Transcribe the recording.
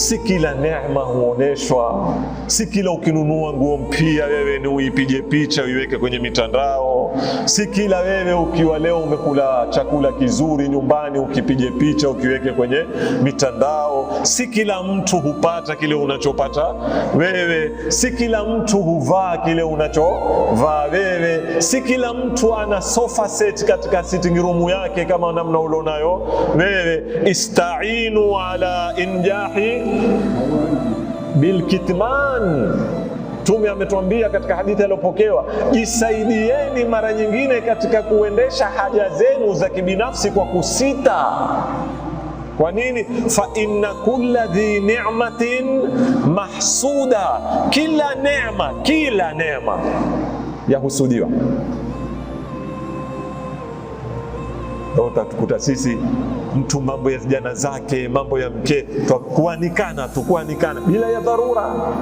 Si kila neema huoneshwa, si kila ukinunua nguo mpya wewe ni uipige picha uiweke kwenye mitandao, si kila wewe ukiwa leo umekula chakula kizuri nyumbani ukipige picha ukiweke kwenye mitandao, si kila mtu hupata kile unachopata wewe, si kila mtu huvaa kile unachovaa wewe, si kila mtu ana sofa set katika sitting room yake kama namna ulionayo wewe. istainu ala injahi bilkitman. Mtume ametuambia katika hadithi aliyopokewa, jisaidieni mara nyingine katika kuendesha haja zenu za kibinafsi kwa kusita. Kwa nini? fa inna kulla dhi ni'matin mahsuda, kila neema, kila neema yahusudiwa. Ndo utatukuta sisi mtu mambo ya vijana zake, mambo ya mke, twakuanikana tukuanikana bila ya dharura.